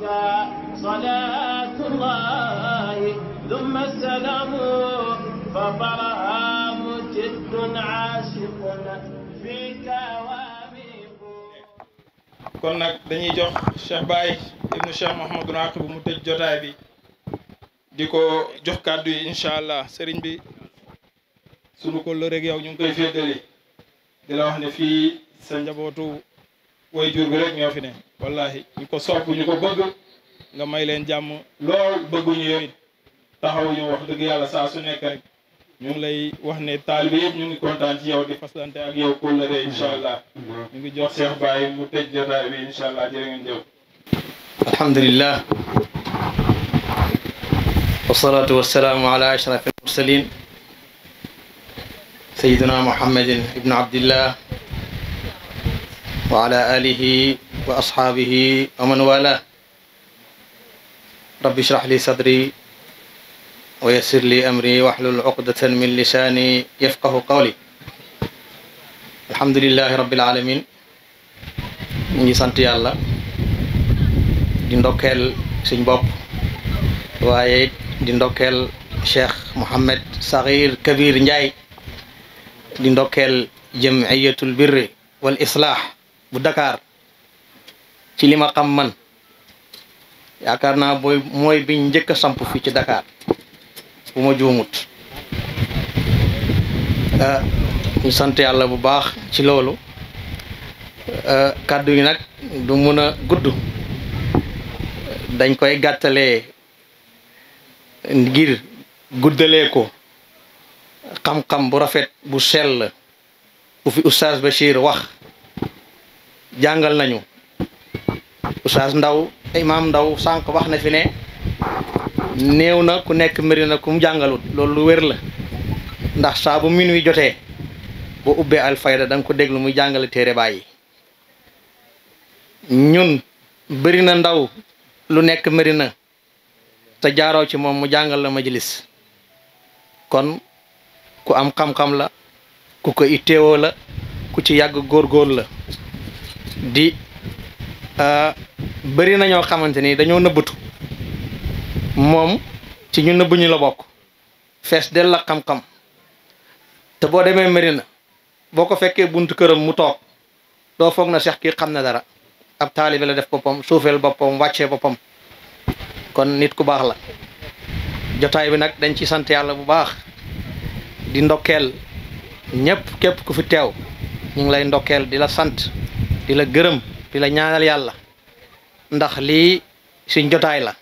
عليك صلاة الله ثم السلام فبرهام جد عاشق فيك واميق kon nag dañuy jox Cheikh Baye ibnu Cheikh Mouhamadou Aqib bu mu tëj jotaay bi di ko jox kàddu yi incha allah sëriñ bi sunu ko lëreeg yow ñu ngi koy féetali di la wax ne fii sa njabootu way jur bi rek ñoo fi ne wallahi ñu ko sopp ñu ko bëgg nga may leen jàmm lool bëgguñu yow it taxawuñu wax dëgg yàlla saa su nekk rek ñu ngi lay wax ne taalibe yëpp ñu ngi kontaan ci yow di faslante ak yow kóllëre incha allah ñu ngi jox Cheikh Baye mu tëj jotaay bi incha allah jërë ngeen jëf alhamdulillah wasalaatu wasalaamu ala ashraf almursalin sayidina muhammadin ibnu abdillah wa ala alihi wa ashaabihi wa man wala rabbi shrah li sadri wa yassir li amri wahlul uqdatan min lisani yafqahu qawli alhamdulillahi rabbil alamin ñu ngi sant yàlla di ndokkeel suñ bopp waaye di ndokkeel cheikh Mouhamed Sakhir Kabir Ndiaye di ndokkeel jamiyatul birri wal islah bu Dakar ci lima xam man yaakaar naa booy mooy biñ njëkk a samp fii ci Dakar bu ma juumut euh, ñu sant yàlla bu baax ci loolu euh, kàddu yi nag du mun a gudd dañ koy gàttalee ngir guddalee ko xam-xam bu rafet bu sell bu fi oustaz Bachir wax jàngal nañu Oustaz Ndaw Imaam Ndaw sànq wax na fi ne néew na ku nekk mbiri na ku mu jàngalut loolu lu wér la ndax saabu bu minuit jotee boo ubbee Alfayda danga ko déglu muy jàngale téere bàyyi ñun bëri na ndaw lu nekk mbiri na te jaaroo ci moom mu jàngal la majalis kon ku am xam-xam la ku ko itteewoo la ku ci yàgg góorgóor la di bëri na ñoo xamante ni dañoo nëbbatu moom ci ñu nëbb ñu la bokk fees del la xam-xam te boo demee na boo ko fekkee buntu këram mu toog doo foog na seex kii xam na dara ab taalibe la def boppam suufeel boppam wàccee boppam kon nit ku baax la jotaay bi nag dañ ci sant yàlla bu baax di ndokkeel ñëpp képp ku fi teew ñu ngi lay ndokkeel di la sant di la gërëm pila ñaanal yàlla ndax lii suñ jotaay la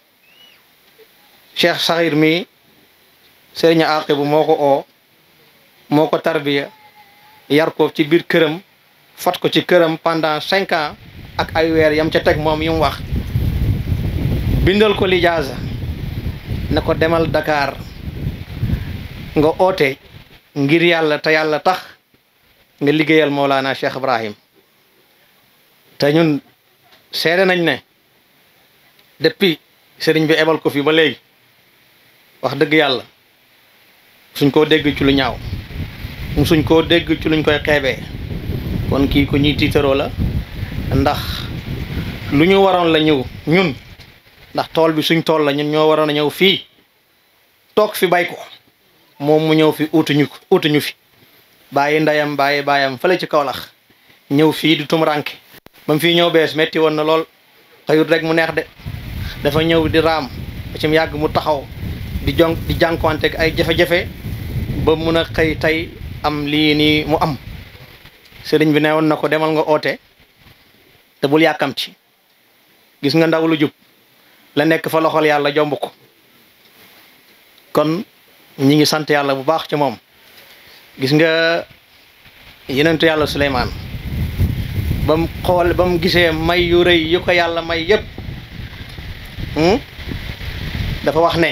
Cheikh Sakhir mi sëriñ Aqibu moo ko oo moo ko tarbiya yar ko ci biir këram fat ko ci këram pendant cinq ans ak ay weer yam ca teg moom yi wax bindal ko lijaasa ne ko demal dakaar nga oote ngir yàlla te yàlla tax nga liggéeyal moo Mawlana Cheikh Ibrahim te ñun seede nañ ne depuis sëriñ bi ebal ko fi ba léegi wax dëgg yàlla suñ koo dégg ci lu ñaaw suñ koo dégg ci luñ koy xeebee kon kii ku ñuy tiitaroo la ndax lu ñu waroon la ñëw ñun ndax tool bi suñ tool la ñun ñoo waroon a ñëw fii toog fi bay ko moom mu ñëw fi uutuñu ko uutuñu fi bàyyi ndeyam bàyyi baayam fële ci Kaolack ñëw fii di tumuranke ba mu fii ñëw bees metti woon na lool xëyut rek mu neex de dafa ñëw di raam ba ci yàgg mu taxaw di jon di jànkuwante ak ay jafe-jafe ba mun a xëy tey am lii nii mu am sëriñ bi ne woon na ko demal nga oote te bul yàkkam gis nga ndaw lu jub la nekk fa loxol yàlla jomb ko kon ñi ngi sant yàlla bu baax ci moom gis nga yenentu yàlla Suleymaan ba mu xool ba mu gisee may yu rëy yu ko yàlla may yépp hmm? dafa wax ne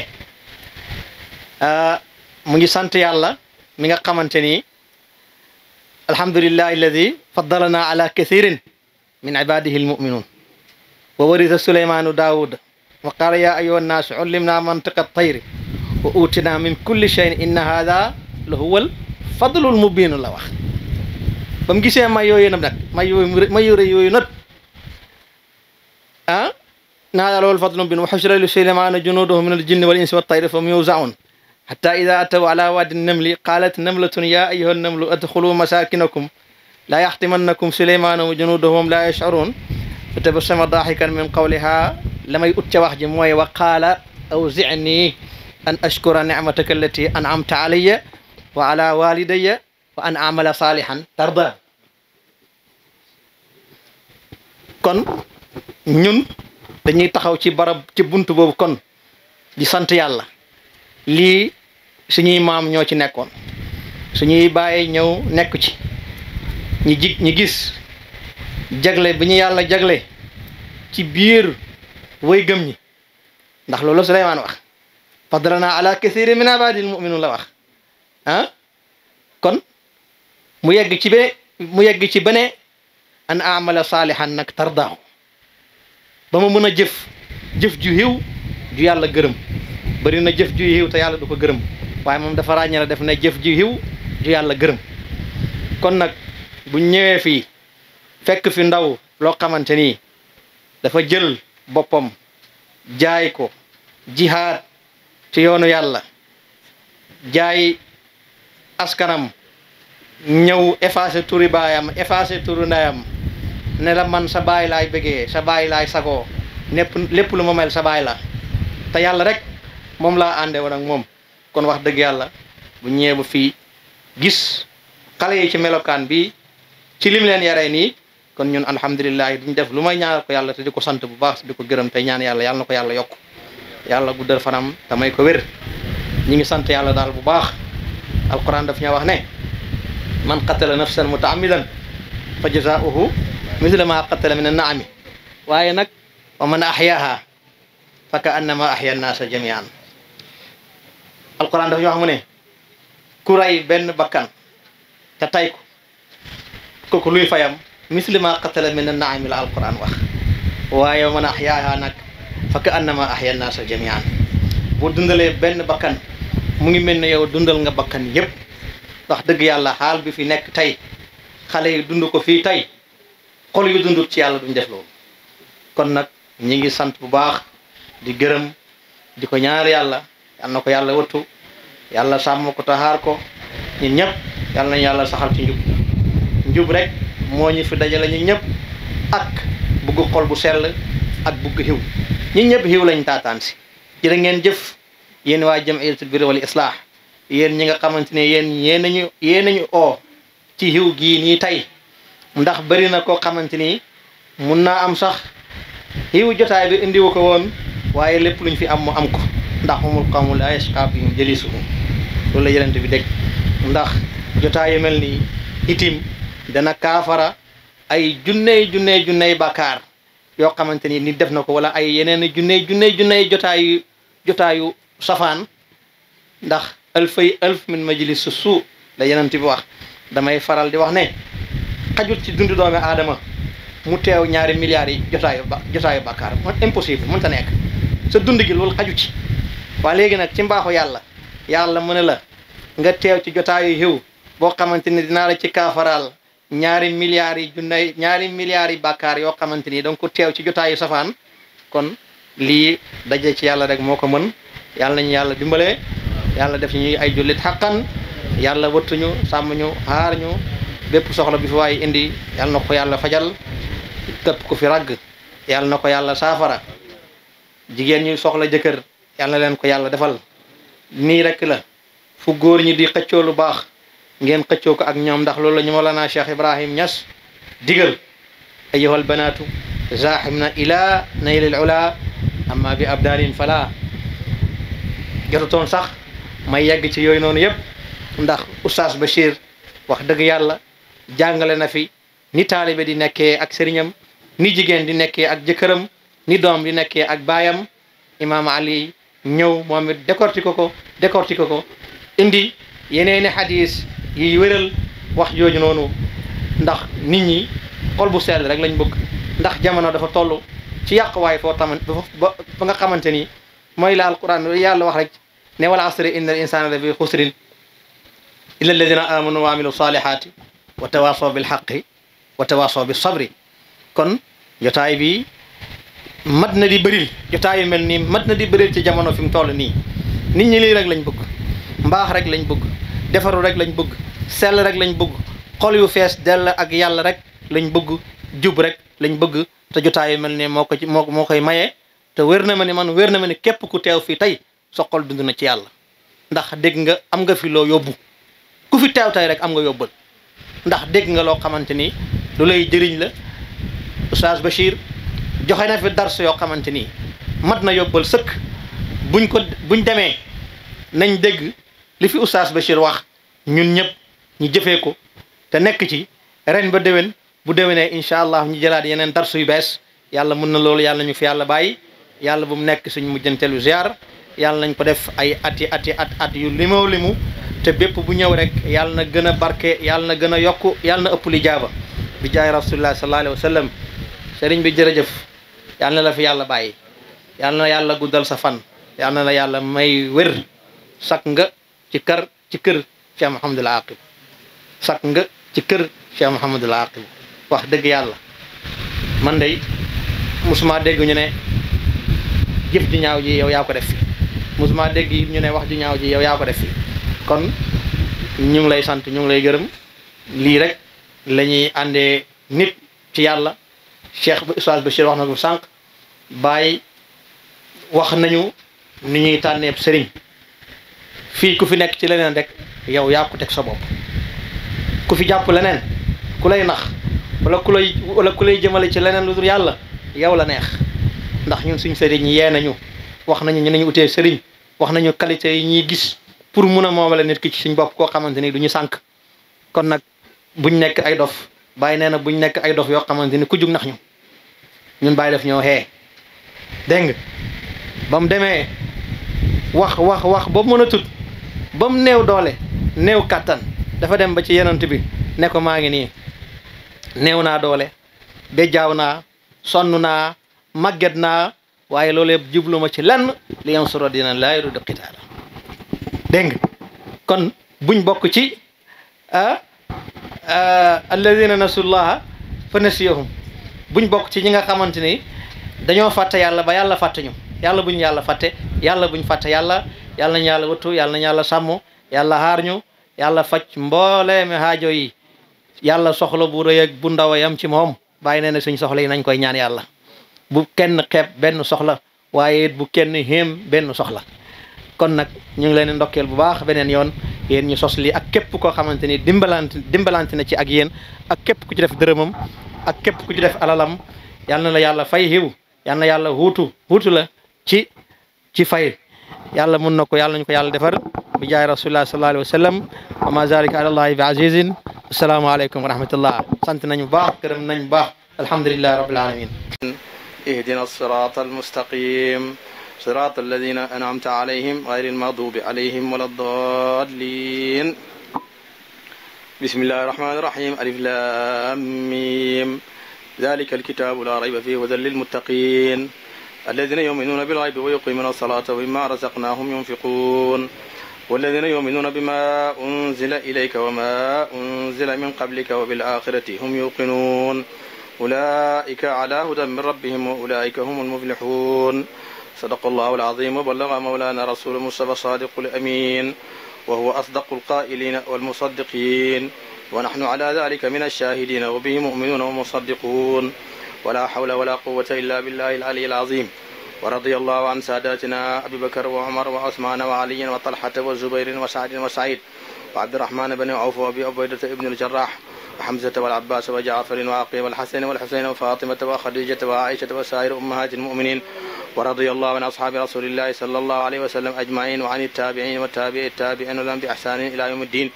ah, mu ngi sant yàlla mi nga xamante ni alhamdulillahi alladi faddalana ala kathirin min ibadihi almuminun wa warisa suleymaanu daawud wa qaala yaa ayyuha annaasu ullimna mantiqa tayri wa uutina min kulli cheyin inna hada la huwa alfadlu almubinu la wax ba mu gisee may yooyu nag may yooyu may yore yooyu nag ah naala loolu fadlun bin wa hushira li suleymaana junuuduhu min al-jinni wal-insi wat-tayri fahum yuwza'uun حتى إذا أتوا على واد النمل قالت نملة يا أيها النمل ادخلوا مساكنكم لا يحطمنكم سليمان وجنوده وهم لا يشعرون فتبسم ضاحكا من قولها لما يؤتى واحد موي وقال أوزعني أن أشكر نعمتك التي أنعمت علي وعلى والدي wa an amala saalihan tarda kon ñun dañuy taxaw ci barab ci bunt boobu kon di sant yàlla lii suñuy maam ñoo ci nekkoon suñuy bàyyi ñëw nekk ci ñi ji ñi gis jagle bi ñu yàlla jagle ci biir way gëm ñi ndax loolu Suleymaan wax fadrana ala kathiri min abadil muminun la wax ah kon mu yegg ci mu yegg ci bene an amala saalihan nag tardaahu ba ma mën a jëf jëf ju ju yàlla gërëm bari na jëf ju xiw te yàlla du ko gërëm waaye moom dafa ràññale def na jëf ju xiw ju yàlla gërëm kon nag bu ñëwee fii fekk fi ndaw loo xamante ni dafa jël boppam jaay ko jihaad ci yoonu yàlla jaay askanam ñëw effacé turi baayam effacé turi ndeyam ne la man sa baay laay bëggee sa baay laay sagoo népp lépp lu ma mel sa baay la te yàlla rek moom laa ànde woon ak moom kon wax dëgg yàlla bu ñëwee ba fii gis xale yi ci melokaan bi ci lim leen yaree nii kon ñun alhamdulilah duñ def lu may ñaanal ko yàlla te di ko sant bu baax di ko gërëm te ñaan yàlla yàlla na ko yàlla yokk yàlla guddal fanam te may ko wér ñi ngi sant yàlla daal bu baax alquran daf ñaa wax ne man qatala nafsan mutaamidan fa jazaauhu misla ma qatala min annaami waaye nag wa man ahyaaha fa ka annama ahya annaasa jamian alquran dafa ñoo xam ne ku rey benn bakkan te tay ko kooku luy fayam misli ma qatala min annaami la alquran wax waaye wa man ahyaaha nag fa ka annama ahya annaasa jamian bu dundalee benn bakkan mu ngi mel ne yow dundal nga bakkan yépp ndax dëgg yàlla xaal bi fi nekk tey xale yi dund ko fii tey xol yu dundut ci yàlla duñ def loolu kon nag ñi ngi sant bu baax di gërëm di ko ñaar yàlla yal na ko yàlla wattu yàlla sàmm ko taxaar ko ñun ñëpp yal nañu yàlla saxaal ci njub njub rek moo ñu fi dajale ñun ñëpp ak bugg xol bu sell ak bugg xiw ñun ñëpp xiw lañ taataan si jërë ngeen jëf yéen waa jëm birri wal islah yéen ñi nga xamante ne yéen yéen nañu yéen nañu oo ci xiw gii nii tey ndax bari na koo xamante ni mun naa am sax xiw jotaay bi indiwu ko woon waaye lépp luñ fi am mu am ko ndax umul qawmu laa yashqaa bihim jalisuhum loolu la yelente bi dégg ndax jotaay yu mel nii itim dana kaafara ay junney junney junney bàkkaar yoo xamante ni nit def na ko wala ay yeneen junney junney junney jotaayu jotaayu safaan ndax alfay alf min majlis suu la yenent bi wax damay faral di wax ne xajut ci dundu doomi aadama mu teew ñaari milliards yi jotaayu ba jotaayu bàkkaar impossible mënta nekk sa dund gi loolu xaju ci waaye léegi nag ci mbaaxu yàlla yàlla mu ne la nga teew ci jotaayu xiw boo xamante ni dinaa la ci kaafaraal ñaari milliards yi junnay ñaari milliards yi bakkaar yoo xamante ni danga ko teew ci jotaayu safaan kon lii daje ci yàlla rek moo ko mën yàlla nañu yàlla dimbalee yàlla def ñu ay jullit xaqan yàlla wëttuñu sàmm ñu aar ñu bépp soxla bi fi waaye indi yàlla na ko yàlla fajal képp ko fi ragg yàlla na ko yàlla saafara jigéen ñu soxla jëkkër yàlla na leen ko yàlla defal nii rek la fu góor ñi di xëccoo lu baax ngeen xëccoo ko ak ñoom ndax loolu la ñu Mawlana Cheikh Ibrahim Niass digal ayyuhal banaatu zaaxim na ilaa naylil ula amma bi abdalin fala jotutoon sax may yàgg ci yooyu noonu yëpp ndax oustaz Bachir wax dëgg yàlla jàngale na fi ni taalibe di nekkee ak seriñam ni jigéen di nekkee ak jëkkëram ni doom di nekkee ak baayam imaam Ali ñëw moom it décortiqué ko décortiqué ko indi yeneeni xadis yiy wéral wax yooyu noonu ndax nit ñi xol bu sell rek lañ bëgg ndax jamono dafa toll ci waay foo taman ba nga xamante ni mooy la alquran yàlla wax rek ne wala asri inna al insana la fi xusrin illa alladina amanu wa amilu salihati wa tawasaw sabri kon jotaay bi mat na di bëril jotaay yu mel ni mat na di bëril ci jamono fi mu toll nii nit ñi lii rek lañ bëgg mbaax rek lañ bëgg defaru rek lañ bëgg sel rek lañ bëgg xol yu fees dell ak yàlla rek lañ bëgg jub rek lañ bëgg te jotaay yu mel nii moo ko moo koy maye te wér na ma ne man wér na ma ne képp ku teew fii tey soxal dund na ci yàlla ndax dégg nga am nga fi loo yóbbu ku fi teew tey rek am nga yóbbal ndax dégg nga loo xamante ni lu lay jëriñ la Oustaz Bachir joxe na fi dars yoo xamante ni mat na yóbbal sëkk buñ ko buñ demee nañ dégg li fi Oustaz Bachir wax ñun ñëpp ñu jëfee ko te nekk ci ren ba déwén bu déwénee incha allah ñu jëlaat yeneen dars yu bees yàlla mën na loolu yàlla ñu fi yàlla bàyyi yàlla bu mu nekk suñ mujjanteelu ziar yàlla nañ ko def ay at yi at yi at at yu limoo limu te bépp bu ñëw rek yàlla na gën a barke yàlla na gën a yokk yàlla na ëpp li jaaba bi jaay rasulullah sallallahu alayhi wa sallam sëriñ bi jërëjëf yàlla na la fi yàlla bàyyi yàlla na yàlla guddal sa fan yàlla na la yàlla may wér sak nga ci kër ci kër Cheikh Mouhamadul Aqib sak nga ci kër Cheikh Mouhamadul Aqib wax dëgg yàlla man day musuma dégg ñu ne jëf ji ñaaw ji yow yaa ko def fi mosuma dégg it ñu ne wax ju ñaaw ji yaw yaa ko def kon ñu ngi lay sant ñu ngi lay gërëm lii rek la ñuy àndee nit ci yàlla Cheikh Oustaz Bachir wax na ko sànq bàyyi wax nañu ni ñuy tànneeb sëriñ fii ku fi nekk ci leneen rek yow yaa ko teg sa bopp ku fi jàpp leneen ku lay nax wala ku lay ku lay jëmale ci leneen lu dul yàlla yow la neex ndax ñun suñ sëriñ yee nañu wax nañu ñu nañu utee sëriñ wax nañu qualité yi ñuy gis pour mun a moomale nit ki ci suñ bopp koo xamante ni du ñu sànq kon nag buñ nekk ay dof bàyyi nee na buñ nekk ay dof yoo xamante ni ku jug nax ñu ñun bàyyi def ñoo xee dégg nga ba mu demee wax wax wax ba mën a tut ba mu néew doole néew kàttan dafa dem ba ci yenant bi ne ko maa ngi nii néew naa doole de jaaw naa sonn naa màgget naa waaye loolu yëpp jublu ma ci lenn li yam sura dina laa yuridu nga kon buñ bokk ci alladina nasullaha fa nasiyahum buñ bokk ci ñi nga xamante ni dañoo fàtte yàlla ba yàlla fàtte ñu yàlla buñ yàlla fàtte yàlla buñ fàtte yàlla yàlla nañu yàlla wëttu yàlla nañu yàlla sàmm yàlla xaar ñu yàlla faj mbooleemi haajo yi yàlla soxla bu rëy ak bu ndaw yam ci moom bàyyi nee na suñ soxla yi nañ koy ñaan yàlla bu kenn xeeb benn soxla waaye bu kenn xéem benn soxla kon nag ñu ngi leen ndokkeel bu baax beneen yoon yéen ñu sos lii ak képp koo xamante ni dimbalante dimbalante na ci ak yéen ak képp ku ci def dërëmam ak képp ku ci def alalam yal na la yàlla fay xiw yal na yàlla huutu huutu la ci ci fay yàlla mun na ko yàlla ñu ko yàlla defar bi jaay rasulillah sallallahu alayhi wa sallam wa ma zalika ala allahi bi azizin asalaamaaleykum wa rahmatullah sant nañu baax gërëm nañu baax alhamdulillahi rabbil اهدنا الصراط المستقيم صراط الذين أنعمت عليهم غير المغضوب عليهم ولا الضالين بسم الله الرحمن الرحيم ألف لام ميم ذلك الكتاب لا ريب فيه هدى للمتقين الذين يؤمنون بالغيب ويقيمون الصلاة ومما رزقناهم ينفقون والذين يؤمنون بما أنزل إليك وما أنزل من قبلك وبالآخرة هم يوقنون أولئك على هدى من ربهم وأولئك هم المفلحون صدق الله العظيم وبلغ مولانا رسول مصطفى صادق الأمين وهو أصدق القائلين والمصدقين ونحن على ذلك من الشاهدين وبه مؤمنون ومصدقون ولا حول ولا قوة إلا بالله العلي العظيم ورضي الله عن ساداتنا أبي بكر وعمر وعثمان وعلي وطلحة وزبير وسعد وسعيد وعبد الرحمن بن عوف وأبي عبيدة بن الجراح وحمزة والعباس وجعفر وعقيل والحسن والحسين وفاطمة وخديجة وعائشة وسائر أمهات المؤمنين ورضي الله عن أصحاب رسول الله صلى الله عليه وسلم أجمعين وعن التابعين والتابعي التابعين لهم بإحسان إلى يوم الدين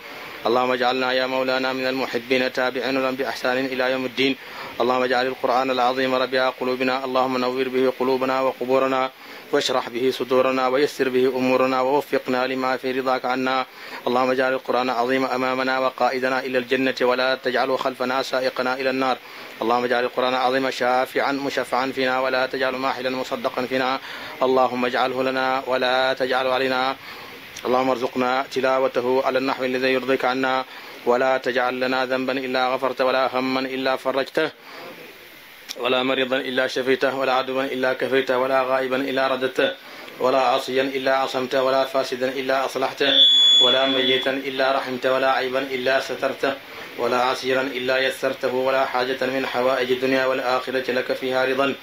اللهم اجعلنا يا مولانا من المحبين تابعين لهم بإحسان إلى يوم الدين اللهم اجعل القرآن العظيم ربيع قلوبنا اللهم نور به قلوبنا وقبورنا واشرح به صدورنا ويسر به أمورنا ووفقنا لما في رضاك عنا اللهم اجعل القرآن عظيم أمامنا وقائدنا إلى الجنة ولا تجعله خلفنا سائقنا إلى النار اللهم اجعل القرآن عظيم شافعا مشفعا فينا ولا تجعل ماحلا مصدقا فينا اللهم اجعله لنا ولا تجعل علينا اللهم ارزقنا تلاوته على النحو الذي يرضيك عنا ولا تجعل لنا ذنبا إلا غفرت ولا هما إلا فرجته ولا مريضا إلا شفيته ولا عدوا إلا كفيته ولا غائبا إلا رددته ولا عاصيا إلا عصمته ولا فاسدا إلا أصلحته ولا ميتا إلا رحمته ولا عيبا إلا سترته ولا عسيرا إلا يسرته ولا حاجة من حوائج الدنيا والآخرة لك فيها رضا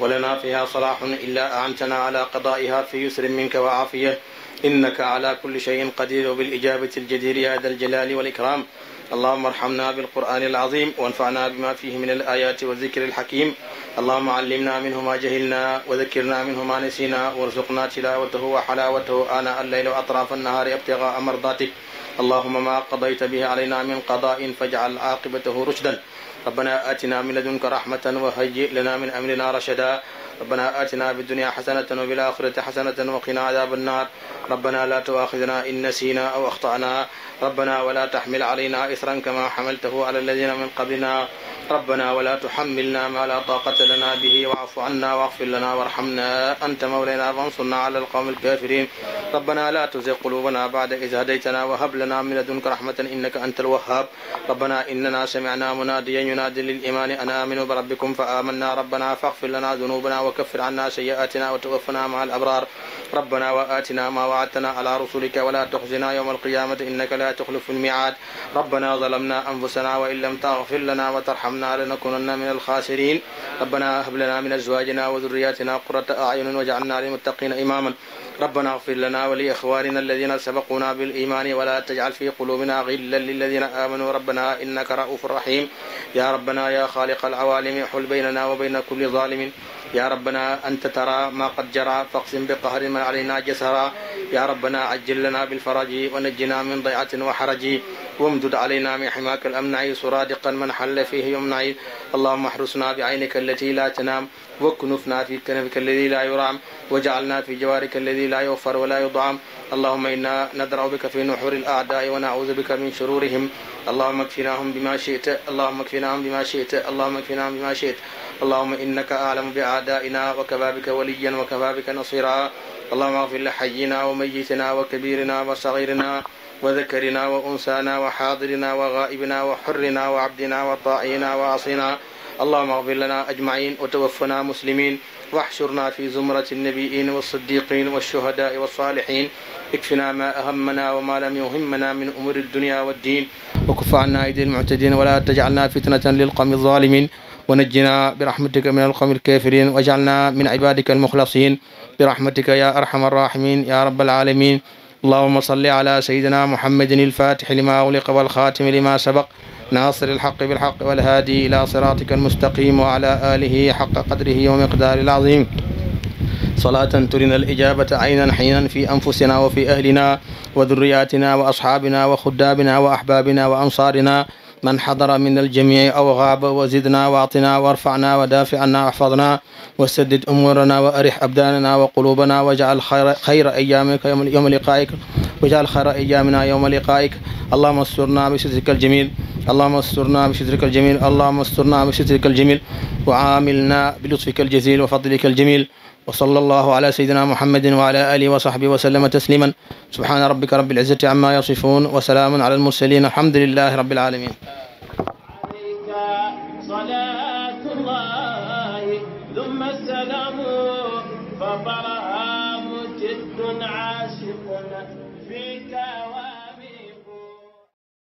ولنا فيها صلاح إلا أعنتنا على قضائها في يسر منك وعافية innaka ala kulli shayin qadir wa bil ijabati aljadir ya da aljalali wal ikram allahuma arhamna bilqur'ani alazim wanfana bima fihi min alayati wa zikri alhakim allahuma allimna minhu ma jahilna wa dhakkirna minhu ma nasina warzuqna tilawatahu wa halawatahu ana allayli wa atrafa annahari ibtigaa mardatik allahuma ma qadayta bihi alayna min qada'in faj'al aqibatahu rushdan rabbana atina min ladunka rahmatan wa hayyi lana min amrina rashada ربنا آتنا في الدنيا حسنة وفي الآخرة حسنة وقنا عذاب النار ربنا لا تؤاخذنا إن نسينا أو أخطأنا ربنا ولا تحمل علينا إثرا كما حملته على الذين من قبلنا ربنا ولا تحملنا ما لا طاقة لنا به واعف عنا واغفر لنا وارحمنا أنت مولانا فانصرنا على القوم الكافرين ربنا لا تزغ قلوبنا بعد إذ هديتنا وهب لنا من لدنك رحمة إنك أنت الوهاب ربنا إننا سمعنا مناديا ينادي للإيمان أن آمنوا بربكم فآمنا ربنا فاغفر لنا ذنوبنا وكفر عنا سيئاتنا وتوفنا مع الأبرار ربنا وآتنا ما وعدتنا على رسلك ولا تخزنا يوم القيامة إنك لا تخلف الميعاد ربنا ظلمنا أنفسنا وإن لم تغفر لنا وترحمنا واجعلنا لنا كنا من الخاسرين ربنا هب لنا من أزواجنا وذرياتنا قرة أعين واجعلنا للمتقين إماما ربنا اغفر لنا ولإخواننا الذين سبقونا بالإيمان ولا تجعل في قلوبنا غلا للذين آمنوا ربنا إنك رؤوف رحيم يا ربنا يا خالق العوالم حل بيننا وبين كل ظالم يا ربنا أنت ترى ما قد جرى فاقسم بقهر من علينا جسرا يا ربنا عجل لنا بالفرج ونجنا من ضيعة وحرج وامدد علينا من حماك الأمنع سرادقا من حل فيه يمنع اللهم احرسنا بعينك التي لا تنام واكنفنا في كنفك الذي لا يرام وجعلنا في جوارك الذي لا يغفر ولا يضعم اللهم إنا ندرع بك في نحور الأعداء ونعوذ بك من شرورهم اللهم اكفناهم بما شئت اللهم اكفناهم بما شئت اللهم اكفناهم بما شئت اللهم إنك أعلم بأعدائنا وكفى بك وليا وكفى بك نصيرا اللهم اغفر لحينا وميتنا وكبيرنا وصغيرنا وذكرنا وأنسانا وحاضرنا وغائبنا وحرنا وعبدنا وطائنا وعصينا اللهم اغفر لنا أجمعين وتوفنا مسلمين واحشرنا في زمرة النبيين والصديقين والشهداء والصالحين اكفنا ما أهمنا وما لم يهمنا من أمور الدنيا والدين وكف عنا أيدي المعتدين ولا تجعلنا فتنة للقوم الظالمين ونجنا برحمتك من القوم الكافرين واجعلنا من عبادك المخلصين برحمتك يا أرحم الراحمين يا رب العالمين اللهم صل على سيدنا محمد الفاتح لما أغلق والخاتم لما سبق ناصر الحق بالحق والهادي إلى صراطك المستقيم وعلى آله حق قدره ومقدار العظيم صلاة ترنا الإجابة عينا حينا في أنفسنا وفي أهلنا وذرياتنا وأصحابنا وخدامنا وأحبابنا وأنصارنا man xadara min aljamii aw xaaba wa zidna wa atina wa arfacna wa daafi'na wa axfadna wa saddid umuurana wa arix abdaanana wa quluubana wa jacal xayra ayaamika yowma liqaa'ik wa jacal xayra ayaamina yowma liqaa'ik allahuma asturna bi sitrika aljamiil allahuma asturna bi sitrika aljamiil allahuma asturna bi sitrika aljamiil wa caamilna bi lutfika aljasiil wa fadlika aljamiil وصلى الله على سيدنا محمد وعلى آله وصحبه وسلم تسليما سبحان ربك رب العزة عما يصفون وسلام على المرسلين الحمد لله رب العالمين